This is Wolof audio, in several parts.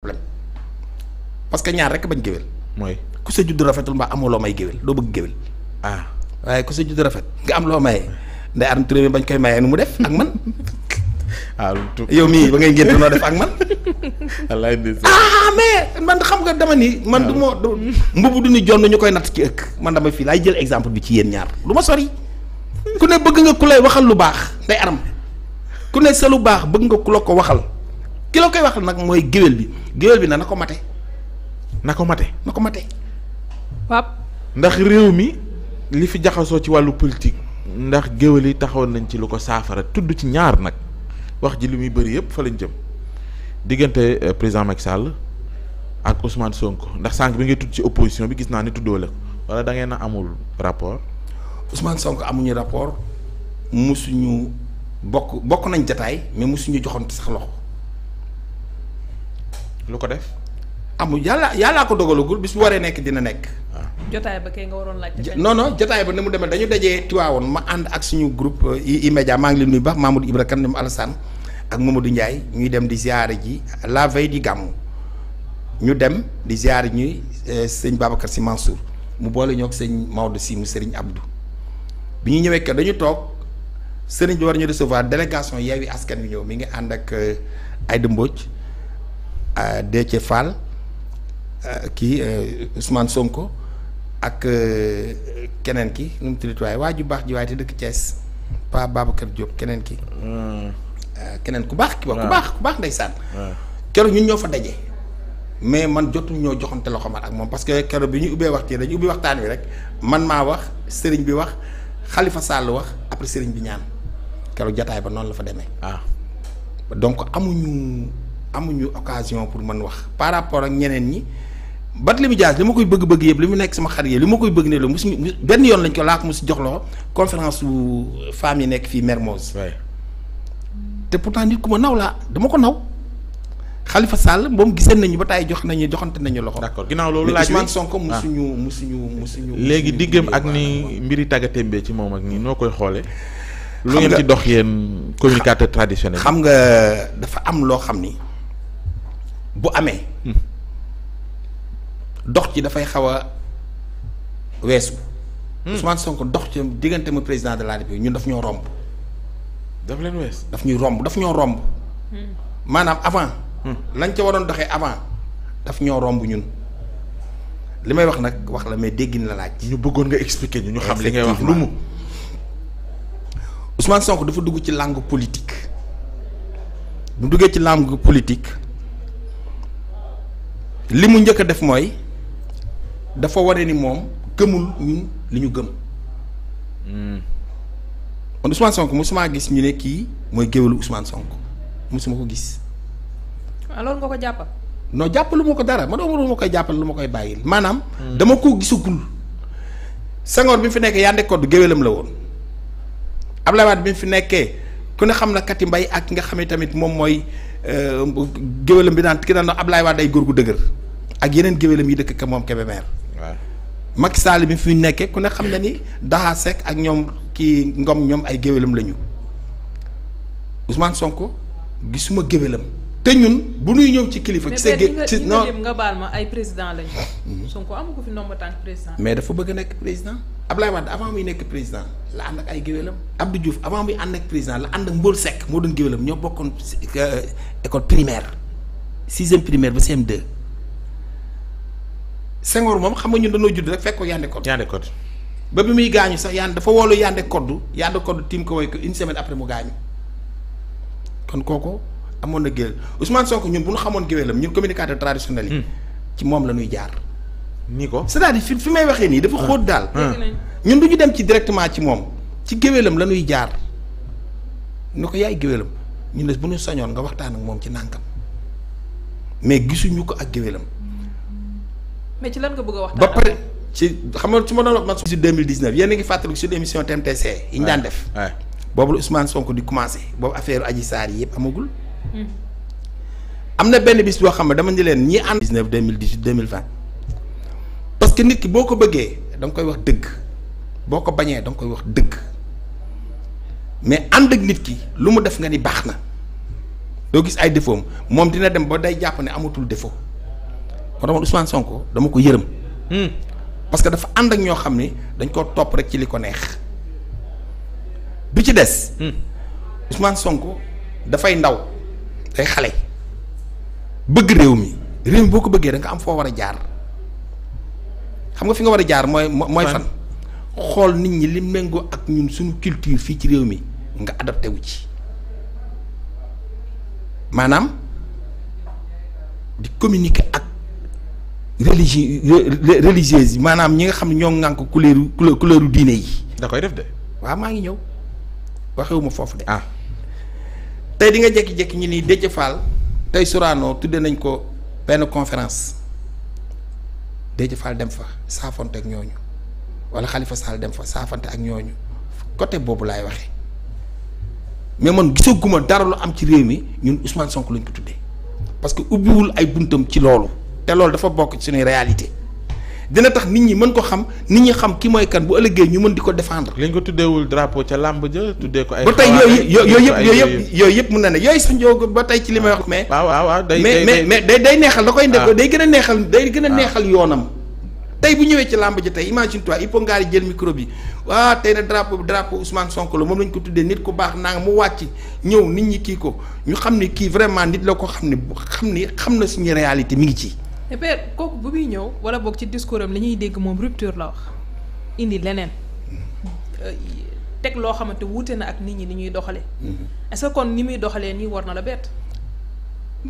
problème parce que ñaar rek bañ géwél mooy ku sa judd rafetul mbaa amoo may géwél doo bëgg géwél ah waaye ku sa judd rafet nga am loo maye nday aram turé bañ koy mayee nu mu def ak man waaw ah, yow mii ba ngay génn noo def ak man wallaay ah mais man xam nga dama ni man du ah. ma mbubu du ni jonn ñu koy natt ci ëkk man dama fii laay jël exemple bi ci yéen ñaar du ma sori ku ne bëgg nga ku lay waxal lu baax nday aram ku ne sa lu baax bëgg nga ku la ko waxal ki la koy wax nag mooy géwél bi géwél bi na na ko mate na ko mate na ko mate pap ndax réew mi li fi jaxasoo ci wàllu politique ndax géwél yi taxawoon nañ ci lu ko saafara tudd ci ñaar nag wax ji li muy bari yëpp fa lañ jëm diggante euh, président Macky sàll ak Ousmane sonk ndax sànq bi ngay tudd ci opposition bi gis naa ni tuddoo ko wala da ngeen a amul rapport Ousmane Sonko amuñu rapport musuñu bokk bokk nañ jataay mais musuñu joxante sax loxo lu ko def. amul yàlla yàllaa ko dogalagul bi su waree nekk dina nekk. waaw ah. jotaay ba kay nga waroon laaj. non non jotaay ba ni mu demee dañu dajee Tiwaawoon ma ànd ak suñu groupe E-Media euh, maa ngi leen nuyu baax Mamadou Ibra Kane ñoom Alassane ak du Ndiaye ñuy dem di ziare ji la veille di gàmmu ñu dem di ziare ñuy euh, sëñ Babacar Sy Mansour mu boole ñoo ak sëñ Maodo Sy mu sëriñ Abdou bi ñu ñëwee que dañu toog sëriñ bi war ñu recevoir délégation Yewwi Askan Wi ñëw mi ngi ànd ak euh, Aïda Mbodj. Déthié Fall euh, kii euh, Ousmane Sonko ak euh, keneen ki nu mu tuddati waaye waa ju baax ji waaye te dëkk Thiès Pa Babacar Diop keneen ki hmm. keneen ku baax ki waaw ku baax ku baax ndeysaan keroog ñun ñoo fa daje mais man jotul ñoo joxante loxo man ak moom parce que keroog bi ñu ubbee waxtee dañu ubbi waxtaan wi rek man maa wax sëriñ bi wax xalifa saal wax après sëriñ bi ñaan kero jataay ba noonu la fa demee waaw ah. amuñu amuñu occasion pour mën wax par rapport ak ñeneen ñi Barthélémy Dias li ma koy bëgg-bëgg yëpp li mu nekk sama xar yëpp li ma koy bëgg ne la mus benn yoon lañ ko laak mus jox loxo conférence su femmes yi nekk fii Mermoz te pourtant nit ku ma naw laa dama ko naw Khalifa Sall moom gisee nañu ba tey jox nañu joxante nañu loxo. d'accord ginnaaw loolu laaj bi Ousmane Sonko ah. mu suñu mu suñu mu suñu. léegi diggam ak ni mbiri tàggatémbee ci moom ak nii noo koy xoolee. lu ngeen ci dox yéen communicateur traditionnel. xam nga dafa am loo xam ni. bu amee hmm. dox ci dafay xaw a weesu hmm. Ousmane Sonko dox ci diggante mu président de la République ñun daf ñoo romb daf leen wees daf ñuy romb daf ñoo romb hmm. maanaam avant lañ ca waroon doxee avant daf ñoo romb ñun li may wax nag wax la mais déggin la laaj ñu bëggoon nga expliquer ñu ñu xam li ngay wax lu mu Ousmane Sonko dafa dugg ci langue politique mu duggee ci langue politique li mu njëkk a def mooy dafa wane ni moom gëmul li ñu gëm. Hmm. kon Ousmane Sonko mosuma gis ñu ne kii mooy géwélu Ousmane sonk mosuma ko gis. ah loolu ko jàppal. non jàppalu ma ko dara man amul lu ma lu ma koy bàyyil maanaam. Hmm. dama ko gisagul. Senghor bi mu fi nekkee Yandé Codou géwélam la woon Abdoulaye Wade bi mu fi nekkee ku ne xam na Kati mbay ak nga xam ne tamit moom mooy euh, géwélam bi naan ki naan Abdoulaye Wade ay góor gu dëgër. ak yeneen géwélam yi dëkk ka moom Kébémer. waaw Macky Sall bi fi nekkee ku ne xam na ni Daha Seck ak ñoom kii Ngom ñoom ay géwélam lañu Ousmane Sonko gisuma géwélam te ñun bu nuy ñëw ci kilifa. ci sa ci non nga baal ma ay président lañu. Mhm. Sonko amu ko fi nomba président. mais dafa bëgg nekk président Ablaye Wade avant muy nekk président la ànd ak ay géwélam du Diouf avant muy ànd ak président la ànd ak Mbodj Seck moo doon géwélam ñoo bokkoon euh, école primaire sixième primaire ba cm Senghor moom xam nga ñun dañoo judd rek fekk ko Yandé Codou. Yandé Codou. ba bi muy gaañu sax Yandé dafa woolu Yandé Codou Yandé Codou tiim ko way ko une semaine après mu gaañu kon kooku amoon na géwél Ousmane Sonko ñun bu ñu xamoon géwélam ñun communicateur traditionnel yi. Hmm. ci moom la ñuy jaar. ni ko c'est-à-dire may waxee nii dafa ah. xóot daal. Ah. ñun du ñu dem ci directement ci moom ci géwélam la ñuy jaar ni ko yaay géwélam ñun ne bu nu sañoon nga waxtaan ak moom ci nànkam mais gisuñu ko ak géwélam. mais ci lan nga bëgg a ba pare ci xam nga su ma doon wax man. si 2019 yéen a ngi fàttaliku suñu émission TMTC. yi ñu daan def. boobu la soo ko di commencé boobu affaire Adji Sarr yi yëpp amagul. Hmm. am na benn bis boo xam ne dama ñu leen ñi ànd. 19 2018 2020 parce que nit ki boo ko bëggee danga koy wax dëgg boo ko bañee danga koy wax dëgg mais ànd ak nit ki lu mu def nga ni baax na doo gis ay défaut moom dina dem ba day jàpp ne amatul défaut. moo tax man Ousmane Sonko dama ko yërëm. Hmm. parce que dafa ànd ak ñoo xam ni dañ koo topp rek ci li ko neex. bi ci des. Hmm. Ousmane Sonko dafay ndaw day xale. bëgg réew mi réew mi boo ko bëggee da am foo war a jaar xam nga fi nga war a jaar mooy. mooy fan xool nit ñi li méngoo ak ñun suñu culture fii ci réew mi nga adapté wu ci maanaam di communiquer. religi religieuses yi maanaam ñi nga xam ne ñoo ŋànk couleur couleur diine yi. da koy def de. waa maa ngi ñëw waxewuma foofu de. ah tey di nga jékki-jékki ñu ni Déthié Fall tey Sorano tuddee nañ ko benn conférence Déthié Fall dem fa saafante ak ñooñu wala Khalifa Sall dem fa saafante ak ñooñu coté boobu laay waxee mais man gisaguma dara lu am ci réew mi ñun Ousmane Sonko lañ ko tuddee parce que ubbiwul ay buntam ci loolu. te loolu dafa bokk ci suñuy réalité dina tax nit ñi mën ko xam nit ñi xam ki mooy kan bu ëllëgee ñu mën di ko défendre. li ko tuddeewul drapeau ca làmb ja tuddee ko ay. ba tey yooyu yooyu yëpp yooyu na ne yooyu sax njóog ba tey ci li may wax. mais waaw day mais mais day day neexal da koy. waaw ah. day gën a neexal day gën a ah. neexal yoonam. tey bu ñëwee ci làmb ji tey imagine toi il faut ngaari jël micro bi waa tey na drapeau drapeau Ousmane Sonko la moom lañ ko tuddee nit ku baax naa nga mu wàcc ñëw nit ñi kii ko ñu xam ne kii vraiment nit la ko xam ne xam ni xam na suñu réalité mi ngi ci et puis kooku bu muy ñëw wala boog ci discours am li ñuy dégg moom rupture la wax indi leneen euh, teg loo xamante wuute na ak nit ñi ni ñuy doxalee. Mm-hmm. est kon ni muy doxalee nii war na la bett.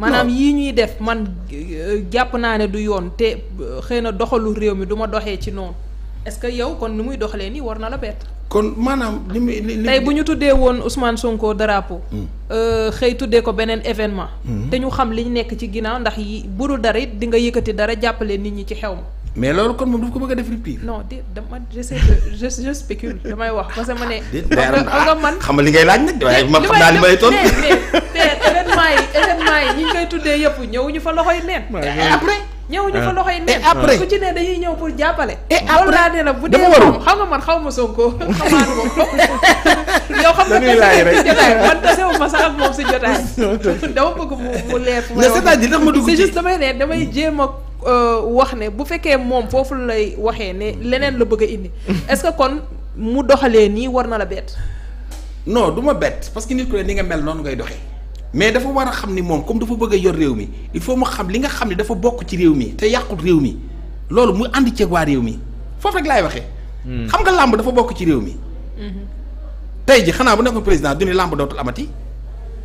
maanaam yii ñuy def man euh, jàpp naa ne du yoon te euh, xëy na doxalu réew mi du ma doxee ci noonu est-ce que yow kon ni muy doxalee nii war na la bett. kon maanaam li muy li tey bu ñu tuddee woon Ousmane Sonko drapeau. Hmm. Euh, xëy tuddee ko beneen événement. Hmm. te ñu xam li ñu nekk ci ginnaaw ndax yi budul dara di nga yëkkati dara jàppale nit ñi ci xew ma. mais loolu kon moom daf ko a def rupture. non de dama je sais que damay wax parce que ma ne. nga man xam li ngay laaj nag. waaye ma xam naa li may tontu mais mais yi événement yi tuddee yëpp ñëwuñu fa loxoy neen. après. ñëw ñu fa ah. loxo yi nekk. après ku ci ne dañuy ñëw pour jàppale. et après la bu dee moom xam nga man xaw ma Sonko xamaat ma yow xam nga tase rek jotaay man tasewu ma sax ak moom si jotaay. ma dugg c'est juste damay ne damay jéema a euh, wax ne bu fekkee moom foofu lay waxee ne leneen la bëgg a indi. est que kon mu doxalee nii war na la bett. no du ma bett parce que nit ku ne ni nga mel noonu ngay doxee. mais dafa war a xam ni moom comme dafa bëgg a yor réew mi il faut mu xam li nga xam ne dafa bokk ci réew mi te yàqut réew mi loolu mu ànd ceeg waa réew mi foofu rek laay waxee. Hmm. xam nga làmb dafa bokk ci réew mi. Mm-hmm. tey ji xanaa bu nekkoon président du ne làmb dootul amati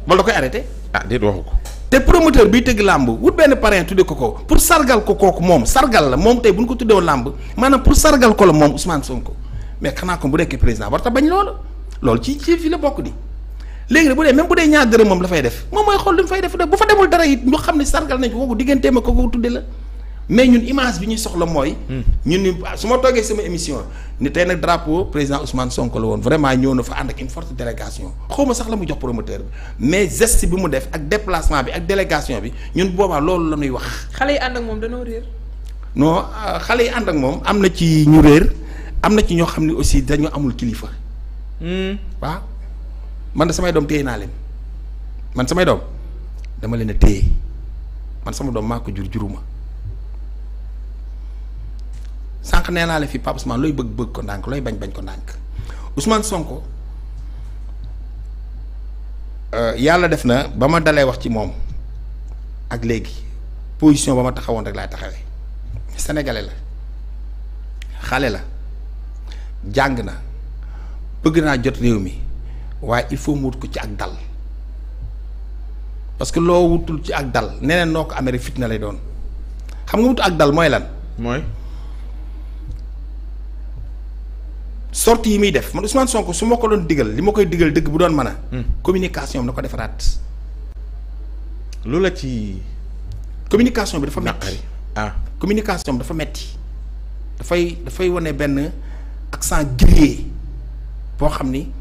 wala da koy arrêté. ah déet waxu ko. te promoteur biy tëgg làmb wut benn parrain tudde ko ko pour sargal ko kooku moom sargal la moom tey bu ñu ko tuddee làmb maanaam pour sargal ko la moom Ousmane Sonko mais xanaa ko bu nekkee président war ta bañ loolu loolu ci ci fi la bokk di. léegi nag bu dee même bu dee ñaar dërëm moom la def moom mooy xool lu mu fay def bu fa demul dara it ñu xam ne sargal nañ ko kooku digganteem ak kooku tudde la mais ñun image bi ñuy soxla mooy. Hmm. ñun ni su ma toogee sama émission ni tey nag drapeau président Ousmane Sonko la woon vraiment ñëw na fa ànd ak une forte délégation xaw ma sax la mu jox promoteur mais geste bi mu def ak déplacement bi ak délégation bi ñun boobaa loolu la ñuy wax. xale yi ànd ak moom dañoo réer. non euh, xale yi ànd ak moom am na ci ñu am na ci ñoo xam ne aussi dañoo amul kilifa. Hmm. man de samay doom téye naa leen man samay doom dama leen a téye man sama doom maa ko jur juruma sanq nee naa la fii Pape Ousmane looy bëgg bëgg ko ndànk looy bañ bañ ko ndànk Ousmane Sonko euh, yàlla def na ba ma dalee wax ci moom ak léegi position ba ma taxawoon rek laay taxawee sénégalais la xale la jàng na bëgg naa jot réew mi. waaye il faut mu wut ko ci ak dal parce que loo wutul ci ak dal neneen noo ko amee rek fitna lay doon xam nga wut ak dal mooy lan. mooy. sortie yi muy def man Ousmane Sonko su ma ko doon digal li ma koy digal dëgg bu doon mën a. Hmm. communication bi ko defaraat. lu la ci. communication bi dafa metti ah communication bi dafa metti dafay dafay wane benn accent grillé boo xam ni.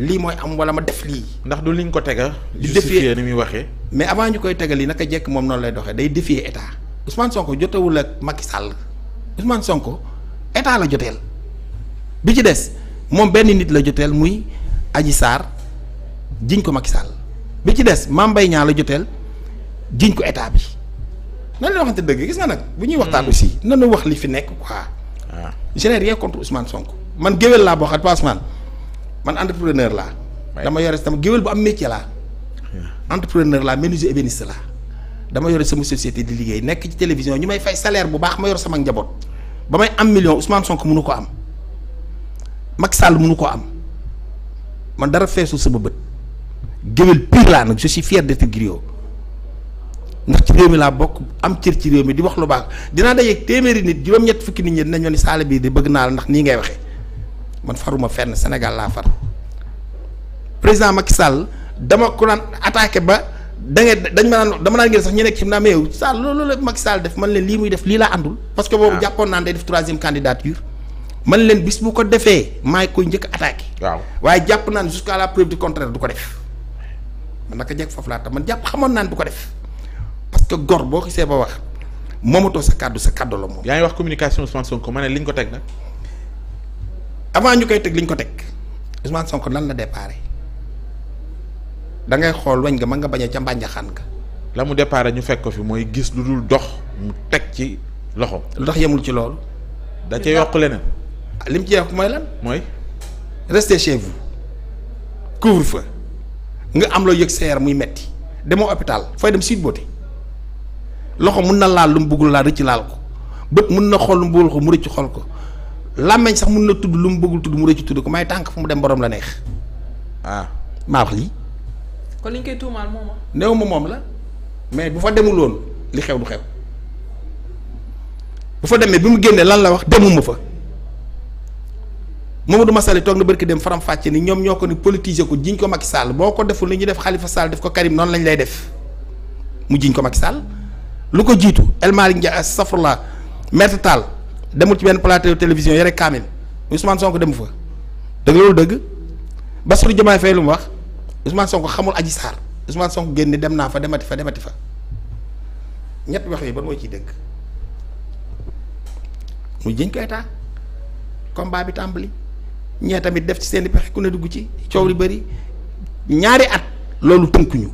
lii mooy am wala ma def lii. ndax du liñ ko tega. di justifier ni muy waxee. mais avant ñu koy tegal yi naka jekk moom noonu lay doxee day défier état Ousmane Sonko jotewul ak Macky sàll Ousmane Sonko état la joteel bi ci des moom benn nit la joteel muy Adji Sarr ko Macky Sall bi ci des Mame Mbaye Niang la joteel jiñ ko état bi dëgg gis bu ñuy waxtaan hmm. aussi nanu wax li fi nekk quoi. waaw ah. je man géwél laa boo xam man entrepreneur laa. dama yore sama géwél bu am métier laa. entrepreneur laa menuisier ébéniste laa. dama yore sama société di liggéey nekk ci télévision ñu may fay salaire bu baax ma yor sama njaboot. ba may am million Ousmane sonk mënu ko am. Macky Sall mënu ko am. man dara feesul sama bët. géwél pire laa nag je suis fier d'être griot. ndax ci réew mi laa bokk am cër ci réew mi di wax lu baax dinaa dajeeg téeméeri nit juróom-ñett fukki nit ñi dinañ ma ni saala bii di bëgg naa ndax nii ngay waxee. man faruma fenn Sénégal laa far président Macky Sall dama ko naan attaqué ba da dañ ma naan dama naan ngeen sax ñu nekk ci mu naan mais yow loolu la Macky Sall def man leen lii muy def lii laa àndul. parce que boobu ah. jàppoon naan day def troisième candidature. leen bis bu ko defee maa ngi koy njëkk attaqué. waaw waaye jàpp naan jusqu'à la preuve du contraire du ko def man naka jekk foofu laa tax man jàpp xamoon naan du ko def parce que gor boo xisee ba wax moomatoo sa kàddu sa kàddu la moom. yaa ngi wax communication Ousmane Sonko ma ne liñ ko teg nag. avant ñu koy teg liñ ko teg Ousmane sonk lan la déparé da ngay xool weñ ga mën nga bañ a ca mbànjaxaan nga. la mu déparé ñu fekk ko fi mooy gis lu dul dox mu teg ci loxo. lu tax yemul ci loolu. da ca yokk leneen. Ah, li mu ci yokk mooy lan. mooy. restez chez vous couvre nga am loo yëg sa muy metti demoo hôpital fooy dem Sweet Beauté loxo mun na laal lu mu bëggul laal rëcc laal ko bët mun na xool lu mu bëggul ko mu rëcc xool ko. làmmeñ sax mun na tudd lu mu bëggul tudd mu rëcc tudd ko may tànk fu mu dem borom la neex ah maa wax lii. kon li ñu koy tuumaal moom la. néew ma moom la mais bu fa demul woon li xew du xew bu demee bi mu génnee lan la wax demuma fa Mamadou Massaly toog na barki dem faram fàcce ni ñoom ñoo ko ni politiser ko ko Macky Sall boo deful li ñu def Khalifa Sall def ko Karim noonu lañ lay def mu jiñ ko Macky Sall lu ko jiitu El Malick Ndiaye safrula Maître Tall demul ci benn plateau télévision yore kaamil Ousmane Sonko dem fa dëgg loolu dëgg Bassirou Diomaye Faye lu mu wax Ousmane Sonko xamul Adji Sarr Ousmane Sonko génn dem naa fa demati fa demati fa ñett wax yi ba mooy ciy dëgg mu jëñ ko état combat bi tàmbali ñee tamit def ci seen i pexe ku ne dugg ci coow li bari ñaari at loolu tënkuñu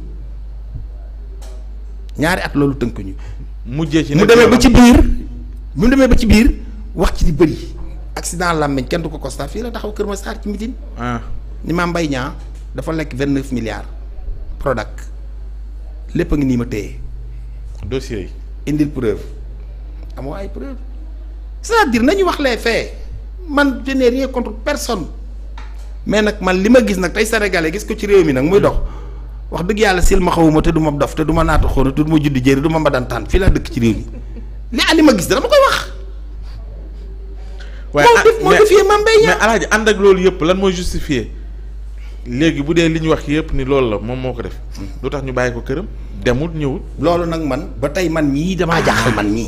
ñaari at loolu tënkuñu. mujjee ci mu demee ba ci biir mu demee ba ci biir. wax ci di bëri accident làmmiñ kenn du ko constat fii la taxaw Kër Massar ci mitin ah. ni maa mbay ñaa dafa lekk vingt neuf milliards Prodac lépp a ngi nii ma téye dossier yi indil preuve amoo ay preuve c'est-à-dire nañu wax les faits man je n'ai rien contre personne mais nag man li ma gis nag tey sénégalais gis ko ci réew mi nag muy dox wax dëgg yàlla sil ma xawuma te du ma dof te du ma naata xoona te du ma judd jëri du ma mbadantaan fii laa dëkk ci réew mi modifié ah, Mame Mbaye mais alaaji ànd ak loolu yëpp lan mooy justifié léegi bu dee li ñu wax yëpp ni loolu la moom moo ko def lu tax ñu bàyyi ko këram demul ñëwul loolu nag man ba tey man ñii damaa jaaxal man ñii